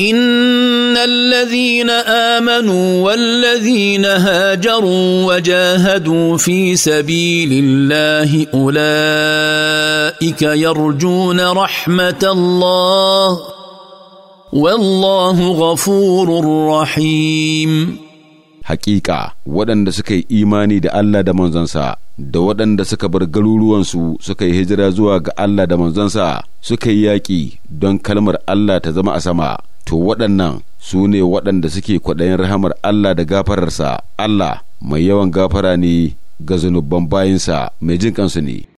ان الذين امنوا والذين هاجروا وجاهدوا في سبيل الله اولئك يرجون رحمه الله والله غفور رحيم Haƙiƙa, waɗanda suka yi imani da Allah da manzansa da waɗanda suka bar garuruwansu suka yi hijira zuwa ga Allah da manzansa suka yi yaƙi don kalmar Allah ta zama a sama to waɗannan su ne waɗanda suke kwaɗayin rahamar Allah da gafararsa Allah mai yawan gafara ne ga zunubban bayinsa mai jin kansu ne